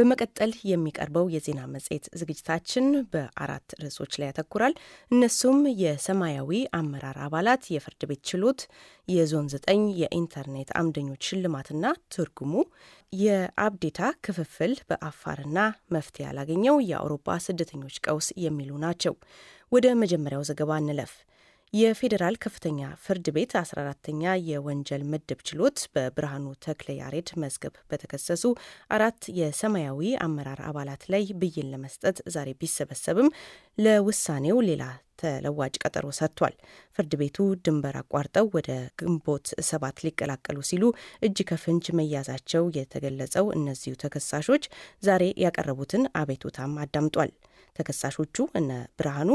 በመቀጠል የሚቀርበው የዜና መጽሔት ዝግጅታችን በአራት ርዕሶች ላይ ያተኩራል። እነሱም የሰማያዊ አመራር አባላት የፍርድ ቤት ችሎት፣ የዞን ዘጠኝ የኢንተርኔት አምደኞች ሽልማትና ትርጉሙ፣ የአብዴታ ክፍፍል በአፋርና መፍትሄ ያላገኘው የአውሮፓ ስደተኞች ቀውስ የሚሉ ናቸው። ወደ መጀመሪያው ዘገባ እንለፍ። የፌዴራል ከፍተኛ ፍርድ ቤት 14ተኛ የወንጀል ምድብ ችሎት በብርሃኑ ተክለ ያሬድ መዝገብ በተከሰሱ አራት የሰማያዊ አመራር አባላት ላይ ብይን ለመስጠት ዛሬ ቢሰበሰብም ለውሳኔው ሌላ ተለዋጭ ቀጠሮ ሰጥቷል። ፍርድ ቤቱ ድንበር አቋርጠው ወደ ግንቦት ሰባት ሊቀላቀሉ ሲሉ እጅ ከፍንጅ መያዛቸው የተገለጸው እነዚሁ ተከሳሾች ዛሬ ያቀረቡትን አቤቱታም አዳምጧል። ተከሳሾቹ እነ ብርሃኑ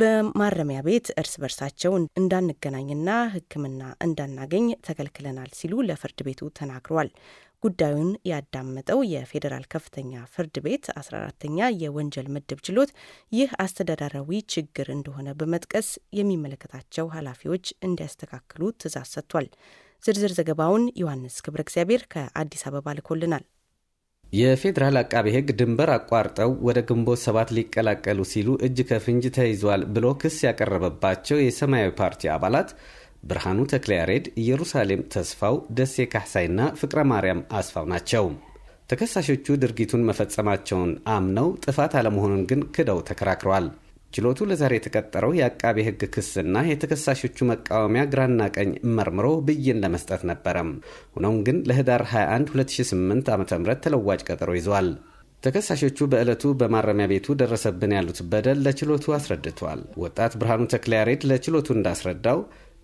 በማረሚያ ቤት እርስ በርሳቸው እንዳንገናኝና ሕክምና እንዳናገኝ ተከልክለናል ሲሉ ለፍርድ ቤቱ ተናግረዋል። ጉዳዩን ያዳመጠው የፌዴራል ከፍተኛ ፍርድ ቤት 14ተኛ የወንጀል ምድብ ችሎት ይህ አስተዳደራዊ ችግር እንደሆነ በመጥቀስ የሚመለከታቸው ኃላፊዎች እንዲያስተካክሉ ትእዛዝ ሰጥቷል። ዝርዝር ዘገባውን ዮሐንስ ክብረ እግዚአብሔር ከአዲስ አበባ ልኮልናል። የፌዴራል አቃቤ ሕግ ድንበር አቋርጠው ወደ ግንቦት ሰባት ሊቀላቀሉ ሲሉ እጅ ከፍንጅ ተይዟል ብሎ ክስ ያቀረበባቸው የሰማያዊ ፓርቲ አባላት ብርሃኑ ተክለያሬድ፣ ኢየሩሳሌም ተስፋው፣ ደሴ ካሕሳይና ፍቅረ ማርያም አስፋው ናቸው። ተከሳሾቹ ድርጊቱን መፈጸማቸውን አምነው ጥፋት አለመሆኑን ግን ክደው ተከራክረዋል። ችሎቱ ለዛሬ የተቀጠረው የአቃቤ ሕግ ክስና የተከሳሾቹ መቃወሚያ ግራና ቀኝ መርምሮ ብይን ለመስጠት ነበረም። ሆኖም ግን ለህዳር 21 2008 ዓ ም ተለዋጭ ቀጠሮ ይዟል። ተከሳሾቹ በዕለቱ በማረሚያ ቤቱ ደረሰብን ያሉት በደል ለችሎቱ አስረድቷል። ወጣት ብርሃኑ ተክለያሬድ ለችሎቱ እንዳስረዳው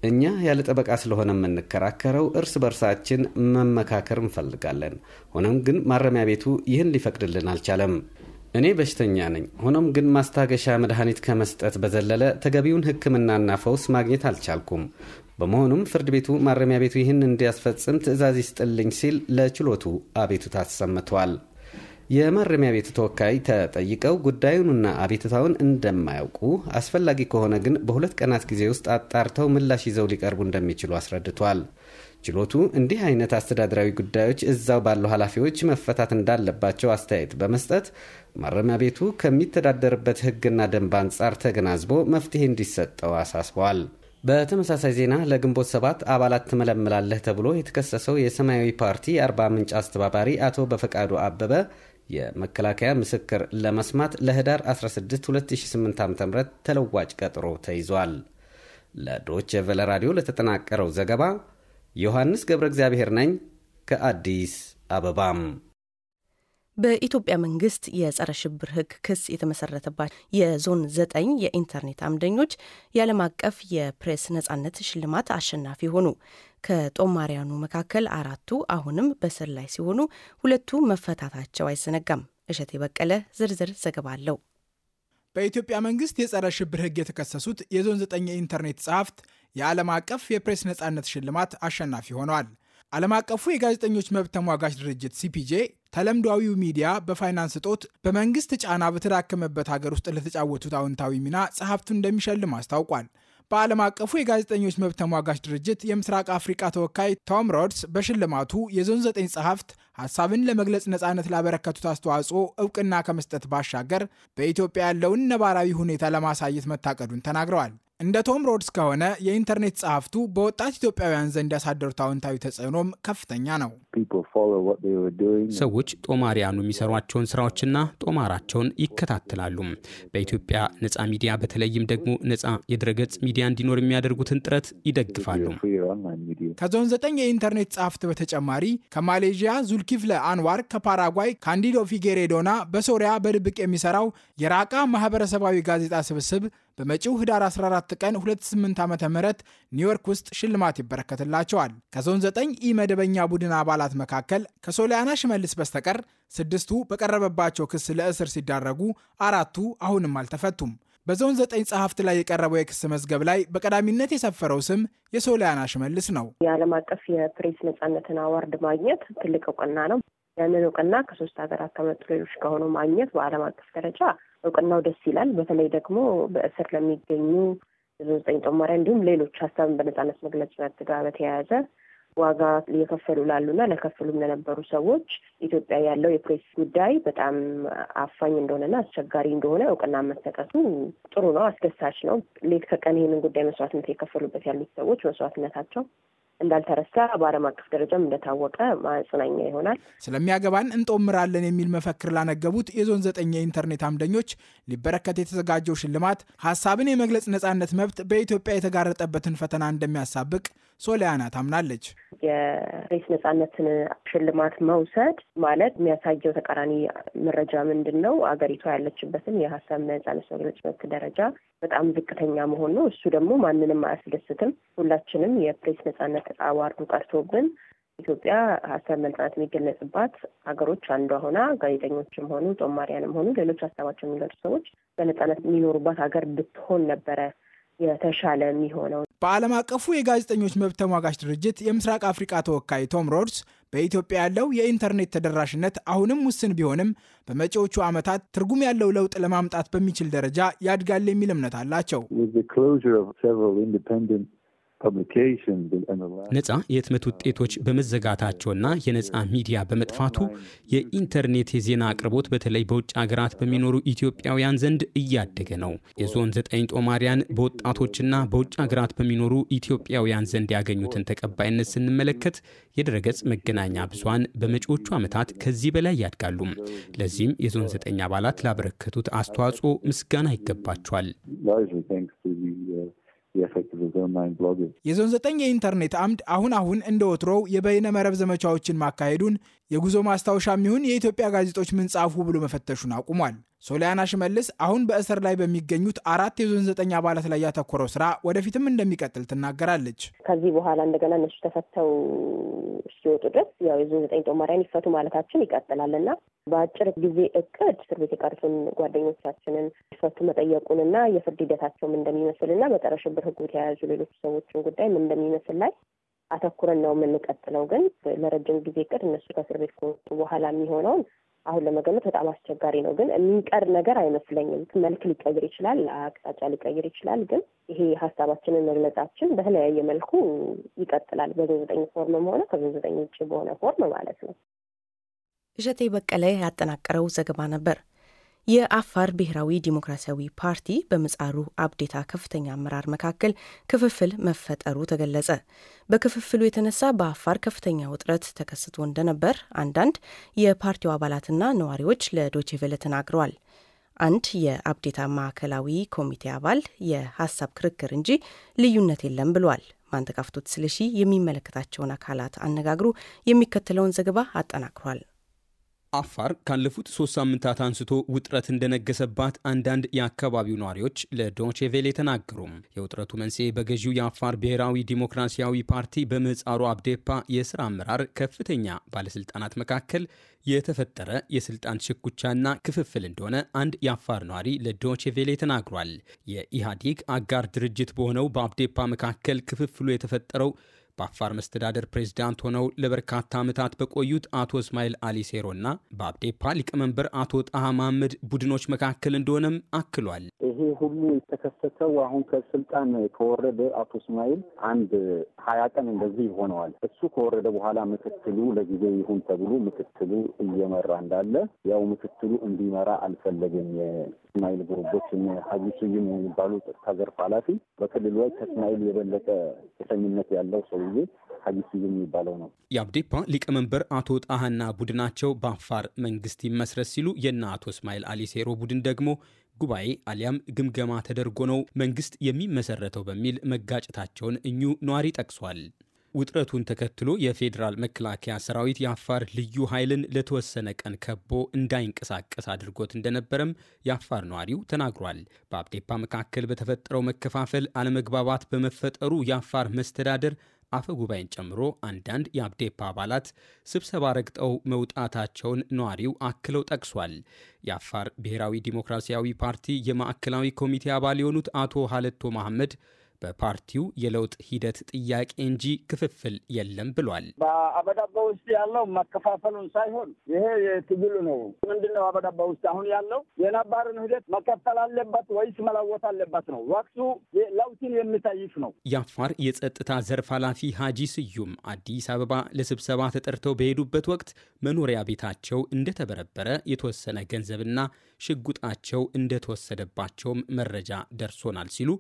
እኛ ያለ ጠበቃ ስለሆነ የምንከራከረው እርስ በርሳችን መመካከር እንፈልጋለን። ሆኖም ግን ማረሚያ ቤቱ ይህን ሊፈቅድልን አልቻለም። እኔ በሽተኛ ነኝ። ሆኖም ግን ማስታገሻ መድኃኒት ከመስጠት በዘለለ ተገቢውን ሕክምናና ፈውስ ማግኘት አልቻልኩም። በመሆኑም ፍርድ ቤቱ ማረሚያ ቤቱ ይህን እንዲያስፈጽም ትዕዛዝ ይስጥልኝ ሲል ለችሎቱ አቤቱታ አሰምቷል። የማረሚያ ቤት ተወካይ ተጠይቀው ጉዳዩንና አቤትታውን እንደማያውቁ፣ አስፈላጊ ከሆነ ግን በሁለት ቀናት ጊዜ ውስጥ አጣርተው ምላሽ ይዘው ሊቀርቡ እንደሚችሉ አስረድቷል። ችሎቱ እንዲህ አይነት አስተዳደራዊ ጉዳዮች እዛው ባሉ ኃላፊዎች መፈታት እንዳለባቸው አስተያየት በመስጠት ማረሚያ ቤቱ ከሚተዳደርበት ሕግና ደንብ አንጻር ተገናዝቦ መፍትሄ እንዲሰጠው አሳስበዋል። በተመሳሳይ ዜና ለግንቦት ሰባት አባላት ትመለምላለህ ተብሎ የተከሰሰው የሰማያዊ ፓርቲ የአርባ ምንጭ አስተባባሪ አቶ በፈቃዱ አበበ የመከላከያ ምስክር ለመስማት ለህዳር 16 2008 ዓ ም ተለዋጭ ቀጠሮ ተይዟል። ለዶች ቨለ ራዲዮ ለተጠናቀረው ዘገባ ዮሐንስ ገብረ እግዚአብሔር ነኝ ከአዲስ አበባም በኢትዮጵያ መንግስት የጸረ ሽብር ህግ ክስ የተመሰረተባት የዞን ዘጠኝ የኢንተርኔት አምደኞች የዓለም አቀፍ የፕሬስ ነጻነት ሽልማት አሸናፊ ሆኑ። ከጦማሪያኑ መካከል አራቱ አሁንም በስር ላይ ሲሆኑ ሁለቱ መፈታታቸው አይዘነጋም። እሸት የበቀለ ዝርዝር ዘገባ አለው። በኢትዮጵያ መንግስት የጸረ ሽብር ህግ የተከሰሱት የዞን ዘጠኝ የኢንተርኔት ጸሐፍት የዓለም አቀፍ የፕሬስ ነጻነት ሽልማት አሸናፊ ሆነዋል። ዓለም አቀፉ የጋዜጠኞች መብት ተሟጋች ድርጅት ሲፒጄ ተለምዷዊው ሚዲያ በፋይናንስ እጦት በመንግስት ጫና በተዳከመበት ሀገር ውስጥ ለተጫወቱት አዎንታዊ ሚና ጸሐፍቱን እንደሚሸልም አስታውቋል። በዓለም አቀፉ የጋዜጠኞች መብት ተሟጋች ድርጅት የምስራቅ አፍሪካ ተወካይ ቶም ሮድስ በሽልማቱ የዞን ዘጠኝ ጸሐፍት ሀሳብን ለመግለጽ ነፃነት ላበረከቱት አስተዋጽኦ እውቅና ከመስጠት ባሻገር በኢትዮጵያ ያለውን ነባራዊ ሁኔታ ለማሳየት መታቀዱን ተናግረዋል። እንደ ቶም ሮድስ ከሆነ የኢንተርኔት ጸሐፍቱ በወጣት ኢትዮጵያውያን ዘንድ ያሳደሩት አዎንታዊ ተጽዕኖም ከፍተኛ ነው። ሰዎች ጦማሪያኑ የሚሰሯቸውን ስራዎችና ጦማራቸውን ይከታተላሉ። በኢትዮጵያ ነፃ ሚዲያ በተለይም ደግሞ ነፃ የድረገጽ ሚዲያ እንዲኖር የሚያደርጉትን ጥረት ይደግፋሉ። ከዞን ዘጠኝ የኢንተርኔት ጸሐፍት በተጨማሪ ከማሌዥያ ዙልኪፍለ አንዋር፣ ከፓራጓይ ካንዲዶ ፊጌሬዶና በሶሪያ በድብቅ የሚሰራው የራቃ ማህበረሰባዊ ጋዜጣ ስብስብ በመጪው ህዳር 14 ቀን 28 ዓ ም ኒውዮርክ ውስጥ ሽልማት ይበረከትላቸዋል። ከዞን 9 ኢ መደበኛ ቡድን አባላት መካከል ከሶሊያና ሽመልስ በስተቀር ስድስቱ በቀረበባቸው ክስ ለእስር ሲዳረጉ፣ አራቱ አሁንም አልተፈቱም። በዞን 9 ጸሐፍት ላይ የቀረበው የክስ መዝገብ ላይ በቀዳሚነት የሰፈረው ስም የሶሊያና ሽመልስ ነው። የዓለም አቀፍ የፕሬስ ነጻነትን አዋርድ ማግኘት ትልቅ እውቅና ነው። ያንን እውቅና ከሶስት ሀገራት ከመጡ ሌሎች ከሆኑ ማግኘት በዓለም አቀፍ ደረጃ እውቅናው ደስ ይላል። በተለይ ደግሞ በእስር ለሚገኙ ዘጠኝ ጦማሪያ እንዲሁም ሌሎች ሀሳብን በነጻነት መግለጽ መብት ጋር በተያያዘ ዋጋ እየከፈሉ ላሉና ለከፍሉም ለነበሩ ሰዎች ኢትዮጵያ ያለው የፕሬስ ጉዳይ በጣም አፋኝ እንደሆነና አስቸጋሪ እንደሆነ እውቅና መሰጠቱ ጥሩ ነው፣ አስደሳች ነው። ሌት ከቀን ይህንን ጉዳይ መስዋዕትነት የከፈሉበት ያሉት ሰዎች መስዋዕትነታቸው እንዳልተረሳ በዓለም አቀፍ ደረጃም እንደታወቀ ማጽናኛ ይሆናል። ስለሚያገባን እንጦምራለን የሚል መፈክር ላነገቡት የዞን ዘጠኝ የኢንተርኔት አምደኞች ሊበረከት የተዘጋጀው ሽልማት ሀሳብን የመግለጽ ነጻነት መብት በኢትዮጵያ የተጋረጠበትን ፈተና እንደሚያሳብቅ ሶሊያና ታምናለች። የፕሬስ ነጻነትን ሽልማት መውሰድ ማለት የሚያሳየው ተቃራኒ መረጃ ምንድን ነው? አገሪቷ ያለችበትን የሀሳብ ነጻነት መግለጽ መብት ደረጃ በጣም ዝቅተኛ መሆን ነው። እሱ ደግሞ ማንንም አያስደስትም። ሁላችንም የፕሬስ ነጻነት አዋርዱ ቀርቶብን ኢትዮጵያ ሀሳብ በነጻነት የሚገለጽባት ሀገሮች አንዷ ሆና ጋዜጠኞችም ሆኑ ጦማሪያንም ሆኑ ሌሎች ሀሳባቸው የሚገልጹ ሰዎች በነጻነት የሚኖሩባት ሀገር ብትሆን ነበረ የተሻለ የሚሆነው። በዓለም አቀፉ የጋዜጠኞች መብት ተሟጋች ድርጅት የምስራቅ አፍሪቃ ተወካይ ቶም ሮድስ በኢትዮጵያ ያለው የኢንተርኔት ተደራሽነት አሁንም ውስን ቢሆንም በመጪዎቹ ዓመታት ትርጉም ያለው ለውጥ ለማምጣት በሚችል ደረጃ ያድጋል የሚል እምነት አላቸው። ነፃ የህትመት ውጤቶች በመዘጋታቸውና የነፃ ሚዲያ በመጥፋቱ የኢንተርኔት የዜና አቅርቦት በተለይ በውጭ ሀገራት በሚኖሩ ኢትዮጵያውያን ዘንድ እያደገ ነው። የዞን ዘጠኝ ጦማሪያን በወጣቶችና በውጭ ሀገራት በሚኖሩ ኢትዮጵያውያን ዘንድ ያገኙትን ተቀባይነት ስንመለከት የድረገጽ መገናኛ ብዙሃን በመጪዎቹ ዓመታት ከዚህ በላይ ያድጋሉ። ለዚህም የዞን ዘጠኝ አባላት ላበረከቱት አስተዋጽኦ ምስጋና ይገባቸዋል። የፈክት ዞን ናይን ብሎግ የዞን ዘጠኝ የኢንተርኔት አምድ አሁን አሁን እንደ ወትሮው የበይነ መረብ ዘመቻዎችን ማካሄዱን የጉዞ ማስታወሻ የሚሆን የኢትዮጵያ ጋዜጦች ምን ጻፉ ብሎ መፈተሹን አቁሟል። ሶሊያና ሽመልስ አሁን በእስር ላይ በሚገኙት አራት የዞን ዘጠኝ አባላት ላይ ያተኮረው ስራ ወደፊትም እንደሚቀጥል ትናገራለች። ከዚህ በኋላ እንደገና እነሱ ተፈተው እስኪወጡ ድረስ ያው የዞን ዘጠኝ ጦማሪያን ይፈቱ ማለታችን ይቀጥላል እና በአጭር ጊዜ እቅድ እስር ቤት የቀሩትን ጓደኞቻችንን ይፈቱ መጠየቁንና የፍርድ ሂደታቸው እንደሚመስል እንደሚመስልና በጸረ ሽብር የተያያዙ ሌሎች ሰዎችን ጉዳይም እንደሚመስል ላይ አተኩረን ነው የምንቀጥለው። ግን ለረጅም ጊዜ እቅድ እነሱ ከእስር ቤት ከወጡ በኋላ የሚሆነውን አሁን ለመገመት በጣም አስቸጋሪ ነው። ግን የሚንቀር ነገር አይመስለኝም። መልክ ሊቀይር ይችላል፣ አቅጣጫ ሊቀይር ይችላል። ግን ይሄ ሀሳባችንን መግለጻችን በተለያየ መልኩ ይቀጥላል። በዘጠኝ ዘጠኝ ፎርምም ሆነ ከዘጠኝ ውጭ በሆነ ፎርም ማለት ነው። እሸቴ በቀለ ያጠናቀረው ዘገባ ነበር። የአፋር ብሔራዊ ዲሞክራሲያዊ ፓርቲ በምጻሩ አብዴታ ከፍተኛ አመራር መካከል ክፍፍል መፈጠሩ ተገለጸ። በክፍፍሉ የተነሳ በአፋር ከፍተኛ ውጥረት ተከስቶ እንደነበር አንዳንድ የፓርቲው አባላትና ነዋሪዎች ለዶቼቬለ ተናግረዋል። አንድ የአብዴታ ማዕከላዊ ኮሚቴ አባል የሀሳብ ክርክር እንጂ ልዩነት የለም ብሏል። ማንተጋፍቶት ስለሺ የሚመለከታቸውን አካላት አነጋግሮ የሚከተለውን ዘገባ አጠናክሯል። አፋር ካለፉት ሶስት ሳምንታት አንስቶ ውጥረት እንደነገሰባት አንዳንድ የአካባቢው ነዋሪዎች ለዶቼቬሌ ተናገሩ። የውጥረቱ መንስኤ በገዢው የአፋር ብሔራዊ ዲሞክራሲያዊ ፓርቲ በምህጻሩ አብዴፓ የስራ አመራር ከፍተኛ ባለስልጣናት መካከል የተፈጠረ የስልጣን ሽኩቻና ክፍፍል እንደሆነ አንድ የአፋር ነዋሪ ለዶቼ ቬሌ ተናግሯል። የኢህአዴግ አጋር ድርጅት በሆነው በአብዴፓ መካከል ክፍፍሉ የተፈጠረው በአፋር መስተዳደር ፕሬዝዳንት ሆነው ለበርካታ ዓመታት በቆዩት አቶ እስማኤል አሊ ሴሮና በአብዴፓ ሊቀመንበር አቶ ጣሃ መሐመድ ቡድኖች መካከል እንደሆነም አክሏል። ይሄ ሁሉ የተከሰተው አሁን ከስልጣን ከወረደ አቶ እስማኤል አንድ ሀያ ቀን እንደዚህ ይሆነዋል። እሱ ከወረደ በኋላ ምክትሉ ለጊዜ ይሁን ተብሎ ምክትሉ እየመራ እንዳለ ያው ምክትሉ እንዲመራ አልፈለግም የእስማኤል ጉርቦች ሀጂ ስዩም የሚባሉ ጸጥታ ዘርፍ ኃላፊ በክልሉ ላይ ከእስማኤል የበለጠ ተሰሚነት ያለው ሰውዬ ሀጂ ስዩም የሚባለው ነው። የአብዴፓ ሊቀመንበር አቶ ጣህና ቡድናቸው በአፋር መንግስት ይመስረት ሲሉ የእነ አቶ እስማኤል አሊሴሮ ቡድን ደግሞ ጉባኤ አሊያም ግምገማ ተደርጎ ነው መንግስት የሚመሰረተው በሚል መጋጨታቸውን እኙ ነዋሪ ጠቅሷል። ውጥረቱን ተከትሎ የፌዴራል መከላከያ ሰራዊት የአፋር ልዩ ኃይልን ለተወሰነ ቀን ከቦ እንዳይንቀሳቀስ አድርጎት እንደነበረም የአፋር ነዋሪው ተናግሯል። በአብዴፓ መካከል በተፈጠረው መከፋፈል አለመግባባት በመፈጠሩ የአፋር መስተዳደር አፈ ጉባኤን ጨምሮ አንዳንድ የአብዴፓ አባላት ስብሰባ ረግጠው መውጣታቸውን ነዋሪው አክለው ጠቅሷል። የአፋር ብሔራዊ ዲሞክራሲያዊ ፓርቲ የማዕከላዊ ኮሚቴ አባል የሆኑት አቶ ሀለቶ መሐመድ በፓርቲው የለውጥ ሂደት ጥያቄ እንጂ ክፍፍል የለም ብሏል። በአበዳባ ውስጥ ያለው መከፋፈሉን ሳይሆን ይሄ የትግሉ ነው። ምንድነው አበዳባ ውስጥ አሁን ያለው የነባርን ሂደት መቀጠል አለበት ወይስ መለወጥ አለበት ነው። ወቅቱ ለውጥን የሚጠይቅ ነው። የአፋር የጸጥታ ዘርፍ ኃላፊ ሀጂ ስዩም አዲስ አበባ ለስብሰባ ተጠርተው በሄዱበት ወቅት መኖሪያ ቤታቸው እንደተበረበረ የተወሰነ ገንዘብና ሽጉጣቸው እንደተወሰደባቸውም መረጃ ደርሶናል ሲሉ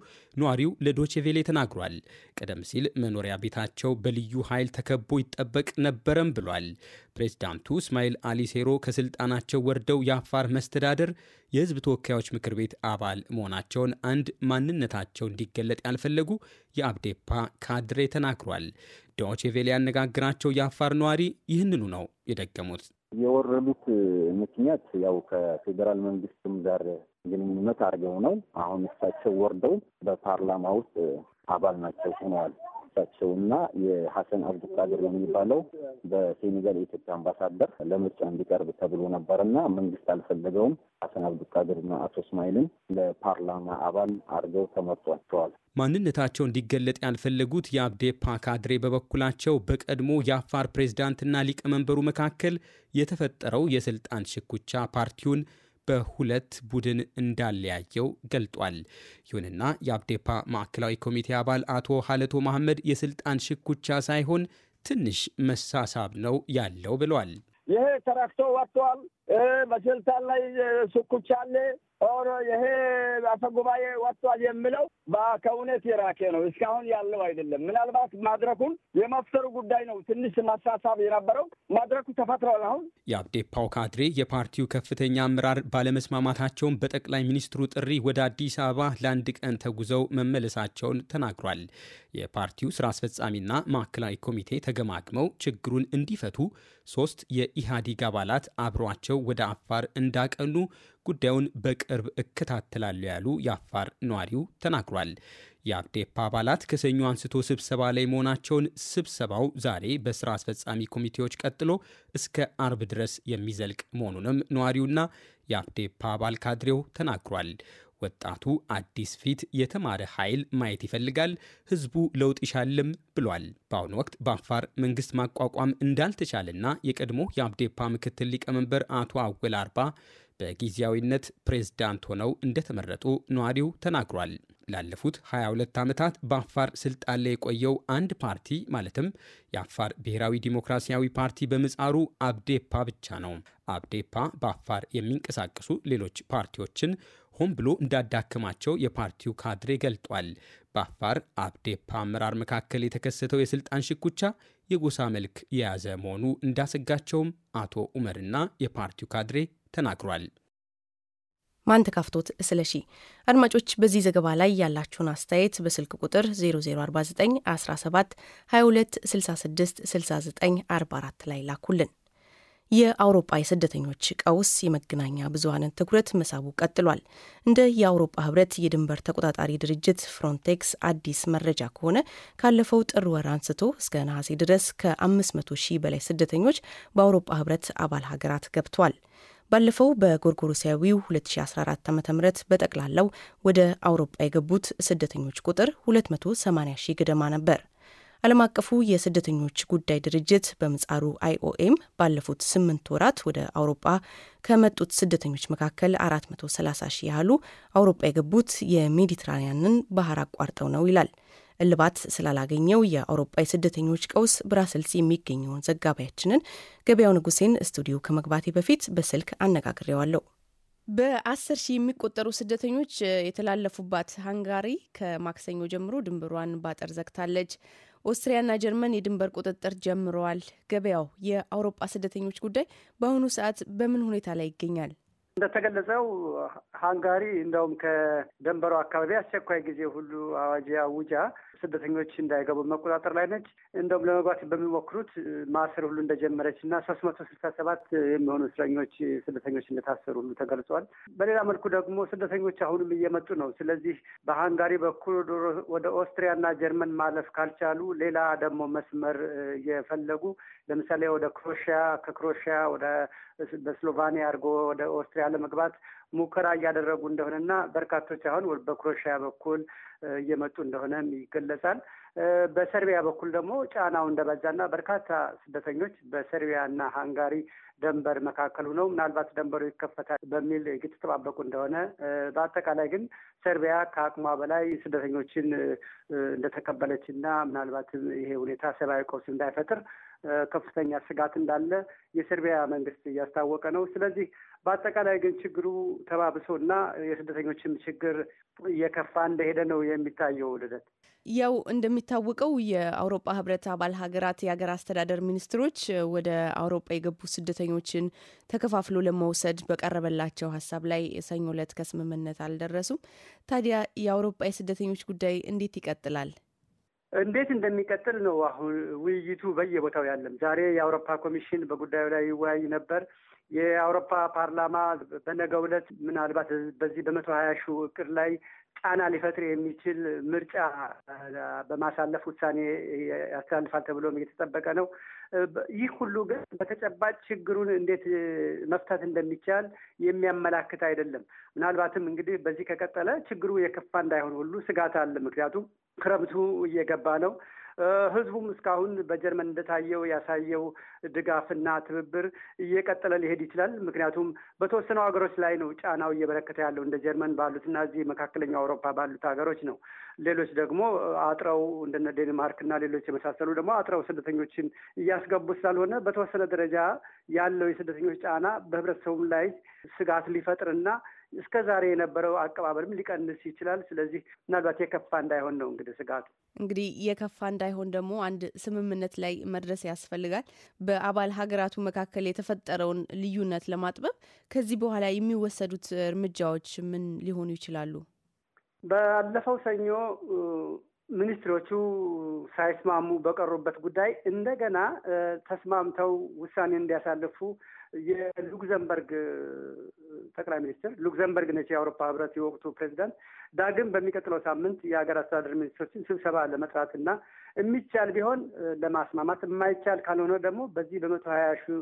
ነዋሪው ለዶ ለዶቼ ተናግሯል። ቀደም ሲል መኖሪያ ቤታቸው በልዩ ኃይል ተከቦ ይጠበቅ ነበረም ብሏል። ፕሬዚዳንቱ እስማኤል አሊሴሮ ከስልጣናቸው ወርደው የአፋር መስተዳደር የህዝብ ተወካዮች ምክር ቤት አባል መሆናቸውን አንድ ማንነታቸው እንዲገለጥ ያልፈለጉ የአብዴፓ ካድሬ ተናግሯል። ዶቼ ያነጋግራቸው የአፋር ነዋሪ ይህንኑ ነው የደገሙት። የወረዱት ምክንያት ያው ከፌዴራል መንግስትም ጋር ግንኙነት አድርገው ነው። አሁን እሳቸው ወርደው በፓርላማ ውስጥ አባል ናቸው ሆነዋል። እና የሀሰን አብዱቃድር የሚባለው በሴኔጋል የኢትዮጵያ አምባሳደር ለምርጫ እንዲቀርብ ተብሎ እና መንግስት አልፈለገውም። ሀሰን አብዱቃድርና አቶ እስማኤልን ለፓርላማ አባል አድርገው ተመርጧቸዋል። ማንነታቸው እንዲገለጥ ያልፈለጉት የአብዴፓ ካድሬ በበኩላቸው በቀድሞ የአፋር ፕሬዝዳንትና ሊቀመንበሩ መካከል የተፈጠረው የስልጣን ሽኩቻ ፓርቲውን በሁለት ቡድን እንዳለያየው ገልጧል። ይሁንና የአብዴፓ ማዕከላዊ ኮሚቴ አባል አቶ ሀለቶ መሐመድ የስልጣን ሽኩቻ ሳይሆን ትንሽ መሳሳብ ነው ያለው ብሏል። ይሄ ተረክቶ ወጥቷል። በስልጣን ላይ ሽኩቻ አለ ኦሮ ይሄ አፈ ጉባኤ ወጥቷል የምለው ከእውነት የራቀ ነው። እስካሁን ያለው አይደለም። ምናልባት ማድረኩን የመፍጠሩ ጉዳይ ነው ትንሽ ማሳሳብ የነበረው። ማድረኩ ተፈጥሯል። አሁን የአብዴፓው ካድሬ የፓርቲው ከፍተኛ አመራር ባለመስማማታቸውን በጠቅላይ ሚኒስትሩ ጥሪ ወደ አዲስ አበባ ለአንድ ቀን ተጉዘው መመለሳቸውን ተናግሯል። የፓርቲው ስራ አስፈጻሚና ማዕከላዊ ኮሚቴ ተገማግመው ችግሩን እንዲፈቱ ሶስት የኢህአዴግ አባላት አብሯቸው ወደ አፋር እንዳቀኑ ጉዳዩን በቅርብ እከታተላለሁ ያሉ የአፋር ነዋሪው ተናግሯል። የአብዴፓ አባላት ከሰኞ አንስቶ ስብሰባ ላይ መሆናቸውን ስብሰባው ዛሬ በስራ አስፈጻሚ ኮሚቴዎች ቀጥሎ እስከ አርብ ድረስ የሚዘልቅ መሆኑንም ነዋሪውና የአብዴፓ አባል ካድሬው ተናግሯል። ወጣቱ አዲስ ፊት የተማረ ኃይል ማየት ይፈልጋል፣ ህዝቡ ለውጥ ይሻልም ብሏል። በአሁኑ ወቅት በአፋር መንግስት ማቋቋም እንዳልተቻለና የቀድሞ የአብዴፓ ምክትል ሊቀመንበር አቶ አወል አርባ በጊዜያዊነት ፕሬዝዳንት ሆነው እንደተመረጡ ነዋሪው ተናግሯል። ላለፉት 22 ዓመታት በአፋር ስልጣን ላይ የቆየው አንድ ፓርቲ ማለትም የአፋር ብሔራዊ ዲሞክራሲያዊ ፓርቲ በምጻሩ አብዴፓ ብቻ ነው። አብዴፓ በአፋር የሚንቀሳቀሱ ሌሎች ፓርቲዎችን ሆን ብሎ እንዳዳከማቸው የፓርቲው ካድሬ ገልጧል። በአፋር አብዴፓ አመራር መካከል የተከሰተው የስልጣን ሽኩቻ የጎሳ መልክ የያዘ መሆኑ እንዳሰጋቸውም አቶ ኡመርና የፓርቲው ካድሬ ተናግሯል። ማን ተካፍቶት ስለሺ። አድማጮች በዚህ ዘገባ ላይ ያላችሁን አስተያየት በስልክ ቁጥር 0049 17 22 66 69 44 ላይ ላኩልን። የአውሮፓ የስደተኞች ቀውስ የመገናኛ ብዙሀንን ትኩረት መሳቡ ቀጥሏል። እንደ የአውሮፓ ህብረት የድንበር ተቆጣጣሪ ድርጅት ፍሮንቴክስ አዲስ መረጃ ከሆነ ካለፈው ጥር ወር አንስቶ እስከ ነሐሴ ድረስ ከ500 ሺህ በላይ ስደተኞች በአውሮፓ ህብረት አባል ሀገራት ገብቷል። ባለፈው በጎርጎሮሳዊው 2014 ዓ ም በጠቅላላው ወደ አውሮፓ የገቡት ስደተኞች ቁጥር 280 ሺህ ገደማ ነበር። ዓለም አቀፉ የስደተኞች ጉዳይ ድርጅት በምጻሩ አይኦኤም ባለፉት ስምንት ወራት ወደ አውሮጳ ከመጡት ስደተኞች መካከል 430 ሺህ ያህሉ አውሮጳ የገቡት የሜዲትራንያንን ባህር አቋርጠው ነው ይላል። እልባት ስላላገኘው የአውሮፓ የስደተኞች ቀውስ ብራስልስ የሚገኘውን ዘጋቢያችንን ገበያው ንጉሴን ስቱዲዮ ከመግባቴ በፊት በስልክ አነጋግሬዋለሁ። በአስር ሺህ የሚቆጠሩ ስደተኞች የተላለፉባት ሃንጋሪ ከማክሰኞ ጀምሮ ድንበሯን ባጠር ዘግታለች። ኦስትሪያና ጀርመን የድንበር ቁጥጥር ጀምረዋል። ገበያው የአውሮፓ ስደተኞች ጉዳይ በአሁኑ ሰዓት በምን ሁኔታ ላይ ይገኛል? እንደተገለጸው ሃንጋሪ እንደውም ከደንበሩ አካባቢ አስቸኳይ ጊዜ ሁሉ አዋጅ አውጃ ስደተኞች እንዳይገቡ መቆጣጠር ላይ ነች። እንደውም ለመግባት በሚሞክሩት ማሰር ሁሉ እንደጀመረች እና ሶስት መቶ ስልሳ ሰባት የሚሆኑ እስረኞች ስደተኞች እንደታሰሩ ሁሉ ተገልጿል። በሌላ መልኩ ደግሞ ስደተኞች አሁንም እየመጡ ነው። ስለዚህ በሃንጋሪ በኩል ወደ ኦስትሪያ እና ጀርመን ማለፍ ካልቻሉ ሌላ ደግሞ መስመር እየፈለጉ ለምሳሌ ወደ ክሮሺያ ከክሮሽያ ወደ በስሎቫኒያ አድርጎ ወደ ኦስትሪያ ለመግባት ሙከራ እያደረጉ እንደሆነና በርካቶች አሁን በክሮኤሽያ በኩል እየመጡ እንደሆነም ይገለጻል። በሰርቢያ በኩል ደግሞ ጫናው እንደበዛና በርካታ ስደተኞች በሰርቢያና ሃንጋሪ ደንበር መካከሉ ነው ምናልባት ደንበሩ ይከፈታል በሚል እየተጠባበቁ እንደሆነ፣ በአጠቃላይ ግን ሰርቢያ ከአቅሟ በላይ ስደተኞችን እንደተቀበለች እና ምናልባት ይሄ ሁኔታ ሰብአዊ ቀውስ እንዳይፈጥር ከፍተኛ ስጋት እንዳለ የሰርቢያ መንግስት እያስታወቀ ነው። ስለዚህ በአጠቃላይ ግን ችግሩ ተባብሶና የስደተኞችም ችግር እየከፋ እንደሄደ ነው የሚታየው። ልደት፣ ያው እንደሚታወቀው የአውሮፓ ህብረት አባል ሀገራት የሀገር አስተዳደር ሚኒስትሮች ወደ አውሮፓ የገቡ ስደተኞችን ተከፋፍሎ ለመውሰድ በቀረበላቸው ሀሳብ ላይ የሰኞ ዕለት ከስምምነት አልደረሱም። ታዲያ የአውሮፓ የስደተኞች ጉዳይ እንዴት ይቀጥላል? እንዴት እንደሚቀጥል ነው አሁን ውይይቱ በየቦታው ያለም። ዛሬ የአውሮፓ ኮሚሽን በጉዳዩ ላይ ይወያይ ነበር። የአውሮፓ ፓርላማ በነገ ዕለት ምናልባት በዚህ በመቶ ሀያ ሺህ እቅድ ላይ ጫና ሊፈጥር የሚችል ምርጫ በማሳለፍ ውሳኔ ያስተላልፋል ተብሎም እየተጠበቀ ነው። ይህ ሁሉ ግን በተጨባጭ ችግሩን እንዴት መፍታት እንደሚቻል የሚያመላክት አይደለም። ምናልባትም እንግዲህ በዚህ ከቀጠለ ችግሩ የከፋ እንዳይሆን ሁሉ ስጋት አለ። ምክንያቱም ክረምቱ እየገባ ነው። ህዝቡም እስካሁን በጀርመን እንደታየው ያሳየው ድጋፍና ትብብር እየቀጠለ ሊሄድ ይችላል። ምክንያቱም በተወሰኑ ሀገሮች ላይ ነው ጫናው እየበረከተ ያለው እንደ ጀርመን ባሉትና እዚህ መካከለኛው አውሮፓ ባሉት ሀገሮች ነው። ሌሎች ደግሞ አጥረው እንደነ እና ሌሎች የመሳሰሉ ደግሞ አጥረው ስደተኞችን እያስገቡ ስላልሆነ በተወሰነ ደረጃ ያለው የስደተኞች ጫና በህብረተሰቡም ላይ ስጋት ሊፈጥርና እስከ ዛሬ የነበረው አቀባበልም ሊቀንስ ይችላል። ስለዚህ ምናልባት የከፋ እንዳይሆን ነው እንግዲህ ስጋቱ። እንግዲህ የከፋ እንዳይሆን ደግሞ አንድ ስምምነት ላይ መድረስ ያስፈልጋል። በአባል ሀገራቱ መካከል የተፈጠረውን ልዩነት ለማጥበብ ከዚህ በኋላ የሚወሰዱት እርምጃዎች ምን ሊሆኑ ይችላሉ? ባለፈው ሰኞ ሚኒስትሮቹ ሳይስማሙ በቀሩበት ጉዳይ እንደገና ተስማምተው ውሳኔ እንዲያሳልፉ የሉክዘምበርግ ጠቅላይ ሚኒስትር ሉክዘምበርግ ነች የአውሮፓ ህብረት የወቅቱ ፕሬዚዳንት ዳግም በሚቀጥለው ሳምንት የሀገር አስተዳደር ሚኒስትሮችን ስብሰባ ለመጥራትና የሚቻል ቢሆን ለማስማማት የማይቻል ካልሆነ ደግሞ በዚህ በመቶ ሀያ ሺ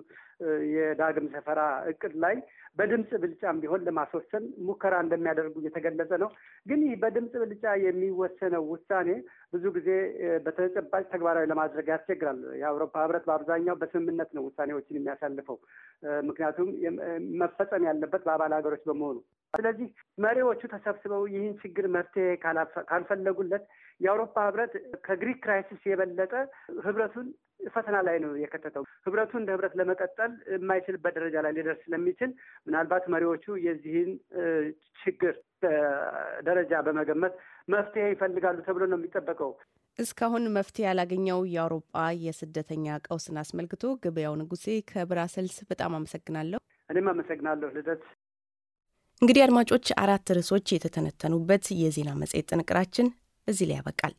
የዳግም ሰፈራ እቅድ ላይ በድምፅ ብልጫም ቢሆን ለማስወሰን ሙከራ እንደሚያደርጉ እየተገለጸ ነው። ግን ይህ በድምፅ ብልጫ የሚወሰነው ውሳኔ ብዙ ጊዜ በተጨባጭ ተግባራዊ ለማድረግ ያስቸግራል። የአውሮፓ ህብረት በአብዛኛው በስምምነት ነው ውሳኔዎችን የሚያሳልፈው፣ ምክንያቱም መፈጸም ያለበት በአባል ሀገሮች በመሆኑ ስለዚህ መሪዎቹ ተሰብስበው ይህን ችግር መፍትሄ ካልፈለጉለት የአውሮፓ ህብረት ከግሪክ ክራይሲስ የበለጠ ህብረቱን ፈተና ላይ ነው የከተተው። ህብረቱ እንደ ህብረት ለመቀጠል የማይችልበት ደረጃ ላይ ሊደርስ ስለሚችል ምናልባት መሪዎቹ የዚህን ችግር ደረጃ በመገመት መፍትሄ ይፈልጋሉ ተብሎ ነው የሚጠበቀው። እስካሁን መፍትሄ ያላገኘው የአውሮፓ የስደተኛ ቀውስን አስመልክቶ ገበያው ንጉሴ ከብራሰልስ በጣም አመሰግናለሁ። እኔም አመሰግናለሁ ልደት። እንግዲህ አድማጮች አራት ርዕሶች የተተነተኑበት የዜና መጽሔት ጥንቅራችን እዚህ ላይ ያበቃል።